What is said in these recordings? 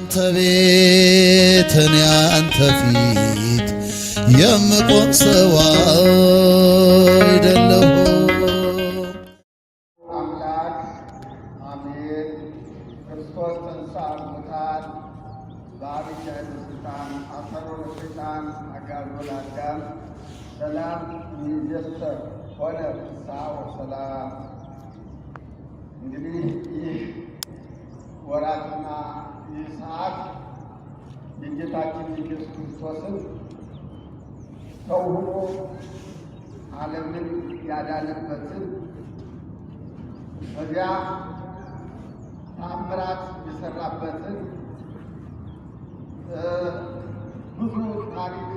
አንተ ቤት እኔ አንተ ፊት የምቆም ሰው አይደለሁ። አምላክ አሜን። ክርስቶስ ተንሥአ እሙታን በዐቢይ ኃይል ወሥልጣን አሰሮ ለሰይጣን አጋዞ ለአዳም ሰላም ይእዜሰ ኮነ ፍስሐ ወሰላም። እንግዲህ ይህ ወራትና ይህ ሰዓት የጌታችን ኢየሱስ ክርስቶስን ሰው ሆኖ ዓለምን ያዳነበትን በዚያ ተአምራት የሰራበትን ብዙ ታሪክ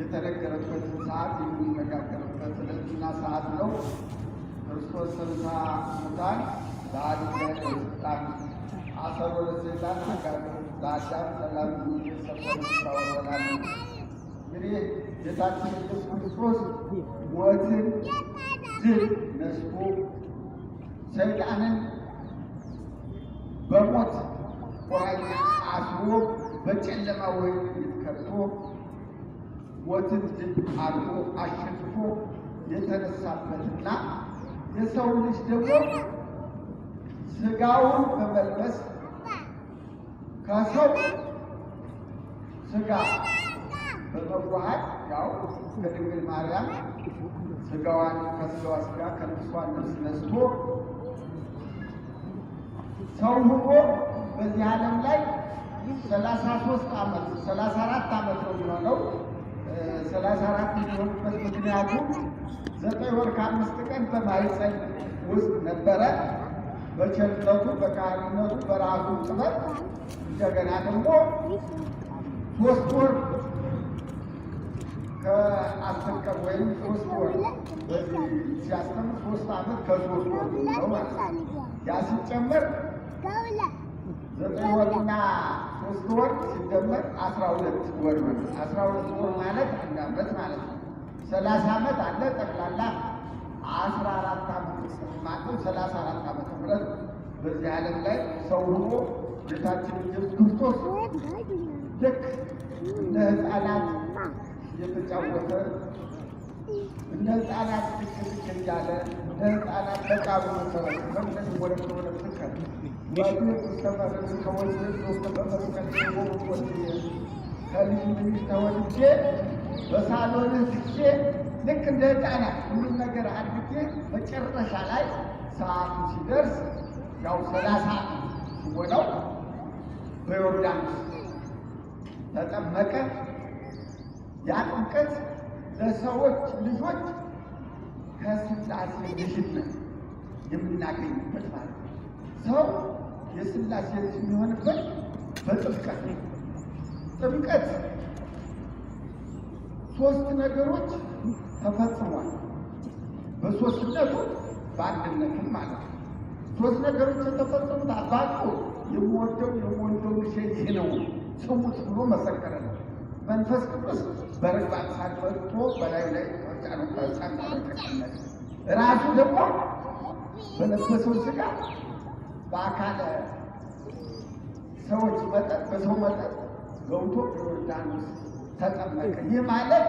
የተነገረበትን ሰዓት የምንነጋገርበት ዕለትና ሰዓት ነው። ክርስቶስ ተንሥአ እሙታን በአዲስ ስልጣን አሰሮ ለሰይጣን አጋንንት ለአዳም ሰላም ይሰፈታወናል። እንግዲህ ጌታችን ኢየሱስ ክርስቶስ ሞትን ድል ነስቶ ሰይጣንን በሞት ቁራኛ አስሮ በጨለማ ወይም ከቶ ሞትን ድል አድርጎ አሸንፎ የተነሳበትና የሰው ልጅ ደግሞ ስጋውን በመልበስ ከሰው ስጋ በመዋሃድ ያው ከድንግል ማርያም ስጋዋን ከስጋዋ ስጋ ከልብሷ ልብስ ነስቶ ሰው ሁኖ በዚህ ዓለም ላይ ሰላሳ ሶስት ዓመት ሰላሳ አራት ዓመት ነው የሚሆነው። ሰላሳ አራት የሚሆኑበት ምክንያቱ ዘጠኝ ወር ከአምስት ቀን በማኅፀን ውስጥ ነበረ። በቸርነቱ በካህንነቱ በራሱ ጥበብ እንደገና ደግሞ ሶስት ወር ከአስር ቀን ወይም ሶስት ወር በዚህ ሲያስተምር ሶስት ዓመት ከሶስት ወር ነው ማለት ነው። ያ ሲጨመር ዘጠኝ ወርና ሶስት ወር ሲደመር አስራ ሁለት ወር ነው። አስራ ሁለት ወር ማለት አንድ ዓመት ማለት ነው። ሰላሳ ዓመት አለ ጠቅላላ አስራ አራት ዓመት ማለትም ሰላሳ አራት ዓመተ ምህረት በዚህ ዓለም ላይ ሰው ሆኖ ጌታችን ኢየሱስ ክርስቶስ ልክ እንደ ሕፃናት እየተጫወተ እንደ ሕፃናት ትክልክ እንዳለ እንደ ሕፃናት በቃሉ መሰረት መቅደስ ወለድ ከሆነ ፍቅር ከልጅ ልጅ ተወልጄ በሳሎንህ ትቼ ልክ እንደ ጣና ሁሉም ነገር አድጌ መጨረሻ ላይ ሰዓቱ ሲደርስ ያው ሰላሳ ሲሞላው በዮርዳኖስ ተጠመቀ። ያ ጥምቀት ለሰዎች ልጆች ከስላሴ ልጅነት የምናገኝበት ማለት ነው። ሰው የስላሴ ልጅ የሚሆንበት በጥምቀት ነው። ጥምቀት ሶስት ነገሮች ተፈጽሟል። በሶስትነቱ በአንድነትም ማለት ነው። ሶስት ነገሮች የተፈጸሙት አባቱ የምወደው የምወደው ልጄ ነው ጽሙት ብሎ መሰከረ ነው። መንፈስ ቅዱስ በርግብ አምሳል መጥቶ በላዩ ላይ ወጫኑ ራሱ ደግሞ በለበሰው ስጋ በአካለ ሰዎች መጠጥ በሰው መጠጥ ገብቶ ዮርዳኖስ ተጠመቀ። ይህ ማለት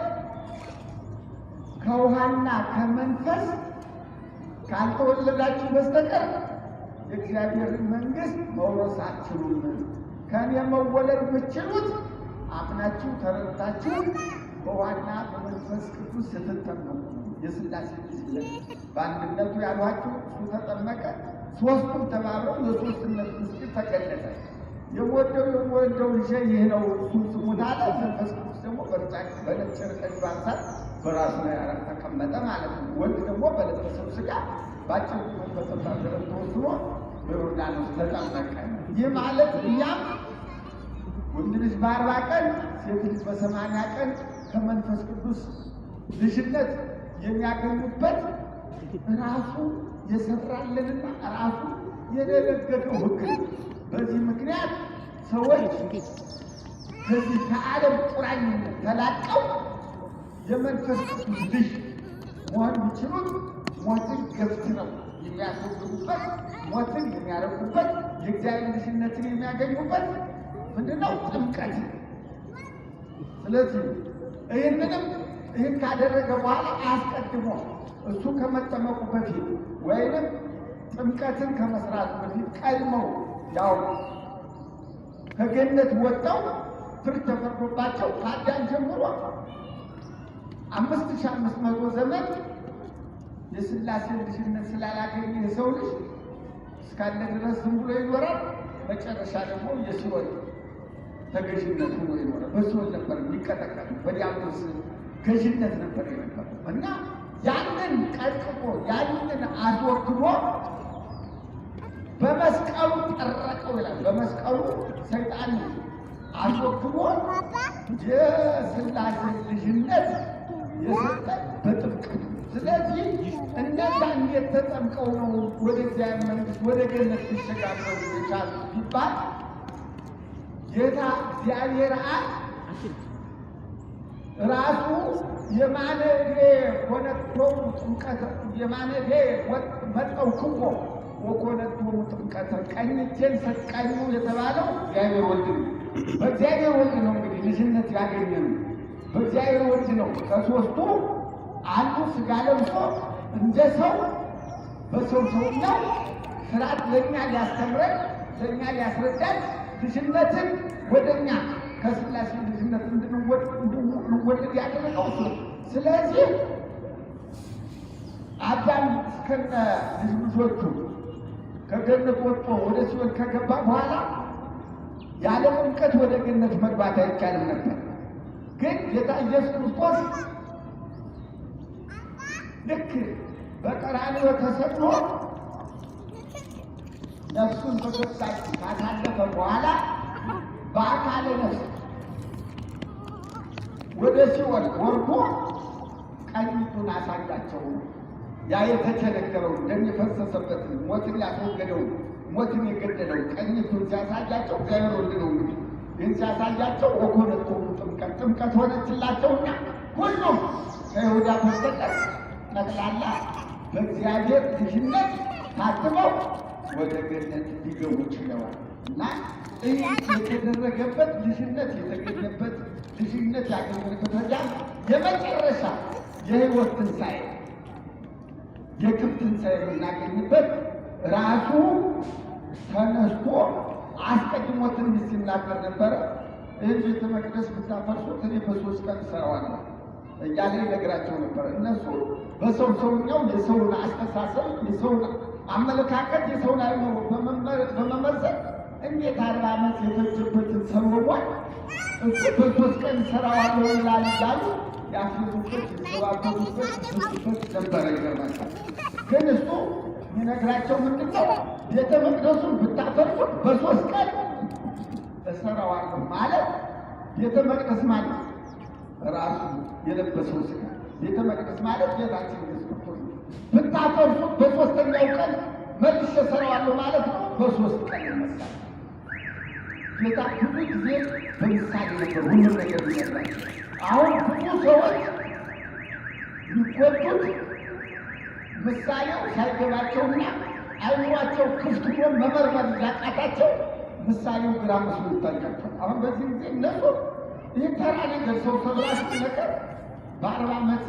ከውሃና ከመንፈስ ካልተወለዳችሁ በስተቀር የእግዚአብሔርን መንግስት መውረስ አትችሉም። ከእኔ መወለድ የምትችሉት አምናችሁ ተረድታችሁ በውሃና በመንፈስ ቅዱስ ስትጠመቁ የስላሴ ምስለ በአንድነቱ ያሏችሁ እሱ ተጠመቀ። ሶስቱም ተባብረው የሶስትነት ምስጢር ተገለጠ። የወደው የወደው ልጄ ይህ ነው እሱን ስሙት አለ። መንፈስ ቅዱስ ደግሞ በርጫ በነጭ ባንሳት በራሱ ላይ አራት ተቀመጠ ማለት ነው። ወንድ ደግሞ በለበሰው ስጋ ባጭር በሰባ ገረት ተወስኖ በዮርዳኖስ ተጠመቀ። ይህ ማለት እኛም ወንድ ልጅ በአርባ ቀን ሴት ልጅ በሰማንያ ቀን ከመንፈስ ቅዱስ ልጅነት የሚያገኙበት ራሱ የሰራልንና ራሱ የደነገገው ሕግ በዚህ ምክንያት ሰዎች ከዚህ ከዓለም ቁራኝነት ተላቀው የመንፈስ ቅዱስ ልጅ መሆን የሚችሉት ሞትን ነው የሚያስወግዱበት፣ ሞትን የሚያረጉበት፣ የእግዚአብሔር ልጅነትን የሚያገኙበት ምንድነው? ጥምቀት። ስለዚህ ይህንንም ይህን ካደረገ በኋላ አስቀድሞ እሱ ከመጠመቁ በፊት ወይንም ጥምቀትን ከመስራት በፊት ቀድመው ያው ከገነት ወጥተው ፍርድ ተፈርዶባቸው ከአዳም ጀምሮ አምስት ሺህ አምስት መቶ ዘመን የስላሴ ልጅነት ስላላገኘ የሰው ልጅ እስካለ ድረስ ዝም ብሎ ይኖራል። መጨረሻ ደግሞ የሲኦል ተገዥነት ሆኖ ይኖራል። በሲኦል ነበር የሚቀጠቀጥ፣ በዲያብሎስ ገዥነት ነበር የነበረው እና ያንን ቀጥቆ ያንን አስወግዶ በመስቀሉ ጠረቀው ይላል። በመስቀሉ ሰይጣን አስወግዶ የስላሴ ልጅነት በጥብቅ ስለዚህ እነዛ እንዴት ተጠምቀው ነው ወደ እግዚአብሔር መንግስት ወደ ገነት ሊሸጋገሩ የቻሉ ቢባል ጌታ እግዚአብሔር አብ ራሱ የማነ እግሬ ጥምቀተ የማነ እግሬ መጠውክዎ ወኮነቶሙ ጥምቀተ ቀኝ እጄን የተባለው እግዚአብሔር ወልድ ነው። በእግዚአብሔር ወልድ ነው እንግዲህ ልጅነት ያገኘ ነው። በእግዚአብሔር ወልድ ነው። ከሶስቱ አንዱ ስጋ ለብሶ እንደ ሰው በሰው ሰውኛው ስርዓት ለእኛ ሊያስተምረን ለእኛ ሊያስረዳን ልጅነትን ወደኛ ከስላሴ ልጅነት እንድንወለድ ያደረገው እሱ። ስለዚህ አዳም እስከነ ልጆቹ ከገነት ወጥቶ ወደ ሲኦል ከገባ በኋላ ያለ ጥምቀት ወደ ገነት መግባት አይቻልም ነበር። ግን ጌታ ኢየሱስ ክርስቶስ ልክ በቀራንዮ ተሰቅሎ ነፍሱን በገሳጭ ካሳለፈ በኋላ በአካለ ነፍስ ወደ ሲኦል ወርዶ ቀኝ አሳያቸው። ያ የተቸነከረው ደም ሞትን ያስወገደው ሞትን የገደለው ቀኝ ሲያሳያቸው እግዚአብሔር ነው እንግዲህ ይህን ሲያሳያቸው ወኮነቶ ጥምቀት ጥምቀት ሆነችላቸውና ሁሉም ከይሁዳ በስተቀር ጠቅላላ በእግዚአብሔር ልጅነት ታትመው ወደ ገነት ሊገቡ ችለዋል እና ይህ የተደረገበት ልጅነት የተገኘበት ልጅነት ያገኘበት በዚያ የመጨረሻ የህይወት ትንሣኤ የክብ ትንሣኤ የምናገኝበት ራሱ ተነስቶ አስቀድሞ ትንቢት ሲናገር ነበረ። ይህን ቤተ መቅደስ ብታፈርሱት እኔ በሶስት ቀን እሰራዋለሁ እያለ ይነግራቸው ነበር። እነሱ በሰው ሰውኛው የሰውን አስተሳሰብ፣ የሰውን አመለካከት፣ የሰውን አይምሮ በመመዘን እንዴት አርባ ዓመት የፈጀበትን ሰውሟል እሱ በሶስት ቀን እሰራዋለሁ ይላል እያሉ ያፍዙበት፣ ይሰባበሩበት፣ ይስበት ነበረ። ይገርማል። ግን እሱ የሚነግራቸው ምንድነው ቤተ መቅደሱን ብታፈርሱት በሶስት ቀን እሰራዋለሁ ማለት ቤተ መቅደስ ማለት ራሱ የለበሰው ስጋ ቤተ መቅደስ ማለት ጌታችን ኢየሱስ ክርስቶስ ብታፈርሱ በሶስተኛው ቀን መልሼ እሰራዋለሁ ማለት ነው። በሶስት ቀን ይመሳል። ጌታ ብዙ ጊዜ በምሳሌ ነበር ሁሉም ነገር ይነግራል። አሁን ብዙ ሰዎች ሊቆጡት ምሳሌው ሳይገባቸውና አይምሯቸው ክፍት ሆኖ መመርመር ያቃታቸው ምሳሌው ግራ መስሎ ይታያቸዋል። አሁን በዚህ ጊዜ እነሱ ይህ ተራ ነገር ሰው ሰብራሽ ነገር በአርባ ዓመት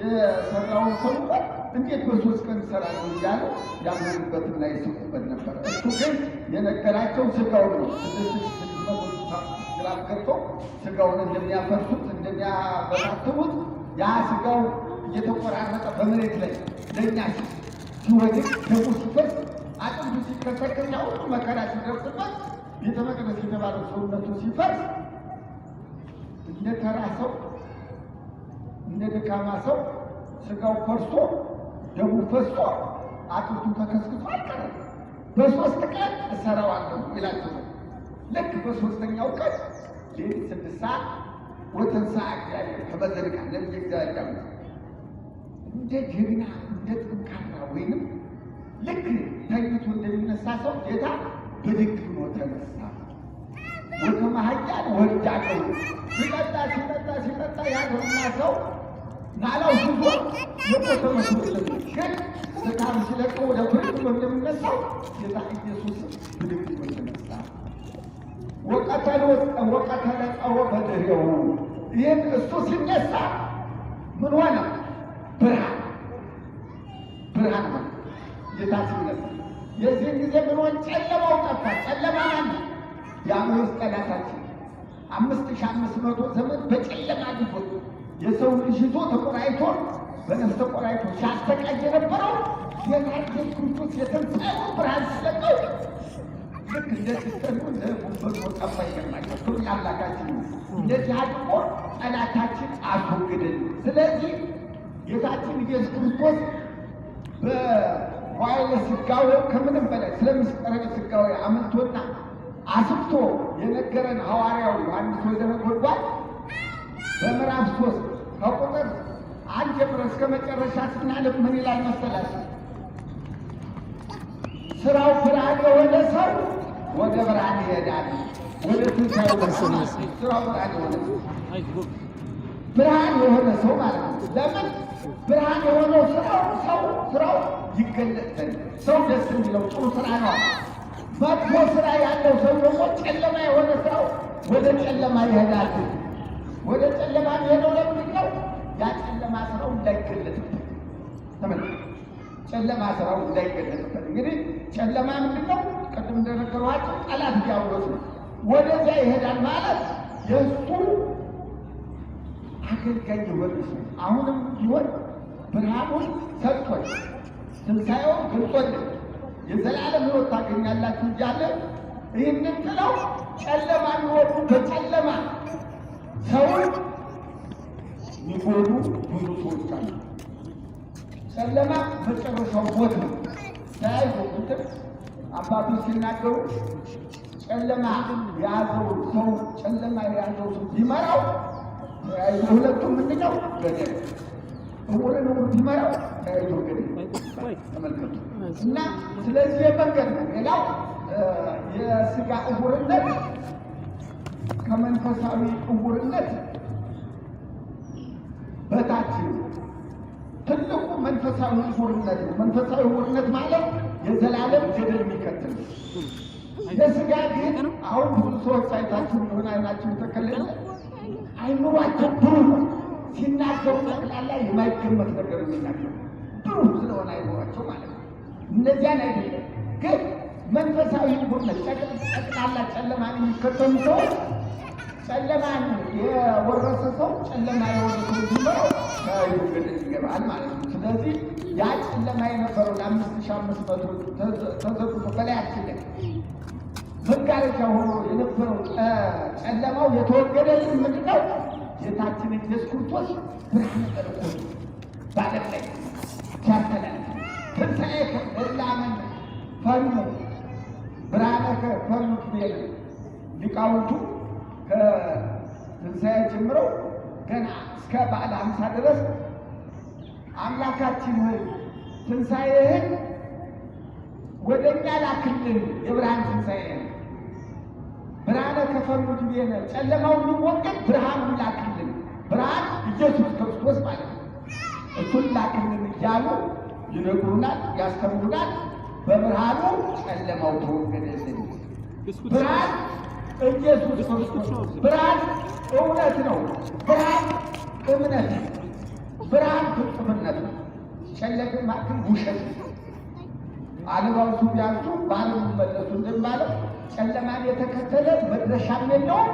የሰራውን ሰው እንኳን እንዴት በሶስት ቀን ይሰራል እያለ ያመኑበት ላይ ይስቁበት ነበር። እሱ ግን የነገራቸው ስጋውን ነው። ስድስት ስድስት መቶ ግራም ገብቶ ስጋውን እንደሚያፈርሱት እንደሚያበታትቡት ያ ስጋው እየተቆራረጠ በመሬት ላይ ለእኛ ሲወድቅ ደግሞ ሲፈስ መስጊዱ ሲቀጠቀጥ ሁሉ መከራ ሲደርስበት ቤተ መቅደስ የተባለው ሰውነቱ ሲፈርስ እንደ ተራ ሰው እንደ ደካማ ሰው ስጋው ፈርሶ ደሙ ፈሶ አጥንቱ ተከስክቶ አልቀረ። በሶስት ቀን እሰራዋለሁ ይላቸው። ልክ በሶስተኛው ቀን ሌሊት ስድስት ሰዓት ወተንሥአ እግዚአብሔር ከመዘንጋ ለእግዚአብሔር እንደ ጀግና እንደ ጠንካራ ወይንም ልክ ተኝቶ እንደሚነሳ ሰው ጌታ ብድግ ብሎ ተነሳ። ወደ መሀያን ወዳቀው ሲጠጣ ሲጠጣ ሲጠጣ ያገሩና ሰው ናላው ስቦ የቆተ መስሎት ግን ስታም ሲለቀው ወደ ብድግ ብሎ እንደሚነሳው ጌታ ኢየሱስ ብድግ ብሎ ተነሳ። ወቀተሎ ወቀተለ ጸሮ በድሬው ይህን እሱ ሲነሳ ምን ሆነ? ብርሃን ብርሃን ሆነ። ይታስብ ነበር። የዚህን ጊዜ ብሎን ጨለማው ጠፋ። ጨለማ አለ የአምሮስ ጠላታችን አምስት ሺ አምስት መቶ ዘመን በጨለማ ሊሆን የሰው ልጅ ይዞ ተቆራይቶ በነፍስ ተቆራይቶ ሲያስተቃይ የነበረው የታርጌት ክርስቶስ የተንጸሉ ብርሃን ሲለቀው ልክ እንደ ሲስተሙ ለጉበት ወጣፋ ይገርማቸው ቱ አምላካችን እንደዚህ አድርጎ ጠላታችን አስወግድን። ስለዚህ ጌታችን ኢየሱስ ክርስቶስ ኋይለ ስጋው ከምንም በላይ ስለ ምስጢረ ስጋው አምልቶና አስብቶ የነገረን ሐዋርያው ዮሐንስ ወልደ ነጎድጓድ በምዕራፍ ሶስት ከቁጥር አንድ ጀምሮ እስከ መጨረሻ ስናነብ ምን ይላል መሰላችሁ? ስራው ብርሃን የሆነ ሰው ወደ ብርሃን ይሄዳል። ወደ ትንሣኤው ስራው ብርሃን የሆነ ሰው ብርሃን የሆነ ሰው ማለት ነው። ለምን ብርሃን የሆነው ስራው ሰው ስራው ይገለጥ ሰው ደስ የሚለው ጥሩ ስራ ነው። መጥፎ ስራ ያለው ሰው ደግሞ ጨለማ የሆነ ስራው ወደ ጨለማ ይሄዳል። ወደ ጨለማ የሚሄደው ለምንድን ነው? ያ ጨለማ ስራው እንዳይገለጥበት ጨለማ ስራው እንዳይገለጥበት። እንግዲህ ጨለማ ምንድን ነው? ቅድም እንደነገርኋቸው ጠላት ዲያብሎስ ነው። ወደዚያ ይሄዳል ማለት የእሱ አገልጋይ የወርቅስ አሁንም ቢሆን ብርሃኑን ሰጥቶን ትንሣኤውን ገልጾልን የዘላለም ሕይወት ታገኛላችሁ እያለ ይህንን ጥለው ጨለማ የሚወዱ በጨለማ ሰውን የሚጎዱ ብዙ ሰዎች አሉ። ጨለማ መጨረሻው ሞት ነው። ተያይዞ ቁጥር አባቶች ሲናገሩ ጨለማ የያዘው ሰው ጨለማ የያዘው ሰው ቢመራው ሁለቱም ምንድነው ገደል እውርን እውር ተያይዞ ተመልከቱ። እና ስለዚህ የመንገድ ነው። ሌላው የስጋ እውርነት ከመንፈሳዊ እውርነት በታች ትልቁ መንፈሳዊ እውርነት ነው። መንፈሳዊ እውርነት ማለት የዘላለም ገደል የሚከተል የስጋ ግን አሁን ብዙ ሰዎች አይታችሁ ሆን አይናችሁ ተከለለ አይምሯቸው ብሩህ ሲናገሩ ጠቅላላ የማይገመት ነገር የሚናገሩ ብሩህ ስለሆነ አይምሯቸው ማለት ነው። እነዚያን አይደለም ግን መንፈሳዊ ጉድለት ጠቅላላ ጨለማን የሚከተሉ ሰዎች ጨለማን የወረሰ ሰው ጨለማ የወረሰ ሰው ይገባል ማለት ነው። ስለዚህ ያ ጨለማ የነበረውን አምስት ሺህ አምስት መቶ ተዘግቶ በላያችን መጋረጃ ሆኖ የነበረው ጨለማው የተወገደልን ምንድን ነው? ጌታችን ኢየሱስ ክርስቶስ ብርሃነ ጠልቆ ባለም ላይ ሲያስተላል ትንሣኤ ከእላምን ፈኑ ብርሃነ ከፈኑ ክቤል ሊቃውንቱ ከትንሣኤ ጀምረው ገና እስከ በዓለ ሀምሳ ድረስ አምላካችን ሆይ ትንሣኤህን ወደ እኛ ላክልን የብርሃን ትንሣኤ ብርሃነ ከፈሉት ቤነ ጨለማው ሊወገድ ብርሃን ላክልን፣ ብርሃን ኢየሱስ ክርስቶስ ማለት ነው። እሱን ላክልን እያሉ ይነግሩናል፣ ያስተምሩናል። በብርሃኑ ጨለማው ተወገደልን። ብርሃን ኢየሱስ ክርስቶስ፣ ብርሃን እውነት ነው። ብርሃን እምነት ነው። ብርሃን ፍጹምነት ነው። ጨለማ ግን ውሸት አለባብሱ ቢያንሱ ባለ መለሱ እንደማለት ጨለማን የተከተለ መድረሻም የለውም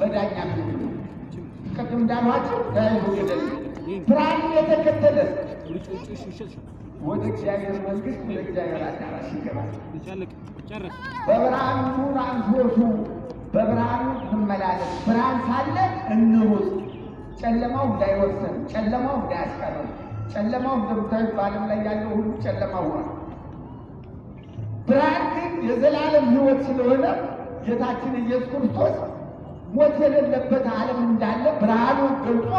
መዳኛ ፊት ነው። ቅድም እንዳልኋቸው ዳይሉ ይደል ብርሃን የተከተለ ወደ እግዚአብሔር መንግሥት ወደ እግዚአብሔር አዳራሽ ይገባል። በብርሃኑን አንሶሱ በብርሃኑ እንመላለስ። ብርሃን ሳለ እንሩጥ። ጨለማው እንዳይወርሰን፣ ጨለማው እንዳያስቀረን። ጨለማው እንደምታዩት በዓለም ላይ ያለው ሁሉ ጨለማ ሆኗል። ብርሃን የዘላለም ህይወት ስለሆነ ጌታችን ኢየሱስ ክርስቶስ ሞት የሌለበት ዓለም እንዳለ ብርሃኑ ገልጦ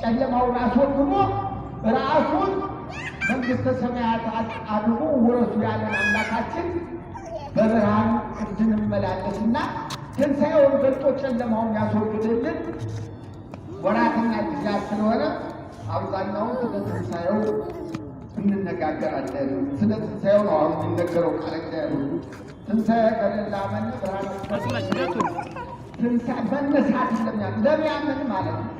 ጨለማውን አስወግሞ ራሱን መንግሥተ ሰማያት አድርጎ ውረሱ ያለን አምላካችን በብርሃን እንድንመላለስና ትንሣኤውን ገልጦ ጨለማውን ያስወግድልን ወራትና ጊዜያት ስለሆነ አብዛኛውን ስለ ትንሣኤው እንነጋገራለን። ስለ ትንሣኤው ነው አሁን የሚነገረው ቃል እግዚአብሔር ትንሣኤ ከሌላ መን በራስመስነቱ ትንሣኤ መነሳት ለምያል ለሚያምን ማለት ነው።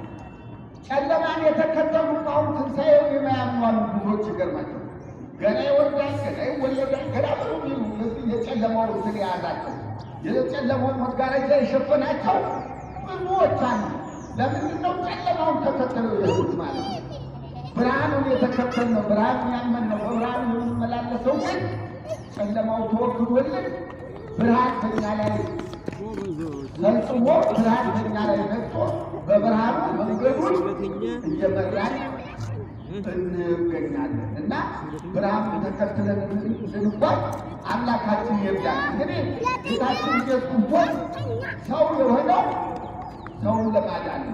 ጨለማን የተከተሉ አሁን ትንሣኤው የማያምኗሉ ብዙዎች ይገርማቸው። ገና ይወርዳል፣ ገና ይወለዳል፣ ገና ብሎ ሚሉ እዚህ የጨለማው እንትን የያዛቸው የጨለማውን መጋረጃ የሸፈናቸው ብዙዎች አሉ። ለምንድን ነው ጨለማውን ተከተለው የሄዱት ማለት ነው። ብርሃኑን ነው፣ ብርሃን ነው በብርሃን የምንመላለሰው ግን ጨለማው ተወግዶልን ብርሃን በኛ ላይ ተንጽሞ ብርሃን በኛ ላይ ነጥቶ በብርሃኑ መንገዱን እየመራን እንገኛለን እና ብርሃን ተከትለን ልንጓዝ አምላካችን ይርዳል። እንግዲህ ጌታችን ኢየሱስ ሰው የሆነው ሰውን ለማዳን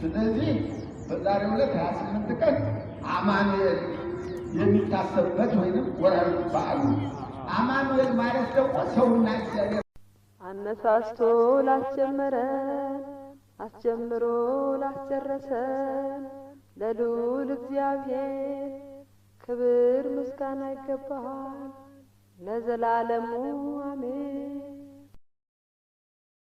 ስለዚህ በዛሬው ዕለት 28 ቀን አማኑኤል የሚታሰብበት ወይንም ወርሃዊ በዓሉ አማኑኤል ማለት ደግሞ ሰውና እግዚአብሔር አነሳስቶ ላስጀመረን አስጀምሮ ላስጨረሰን ለልዑል እግዚአብሔር ክብር ምስጋና ይገባል ለዘላለሙ አሜን።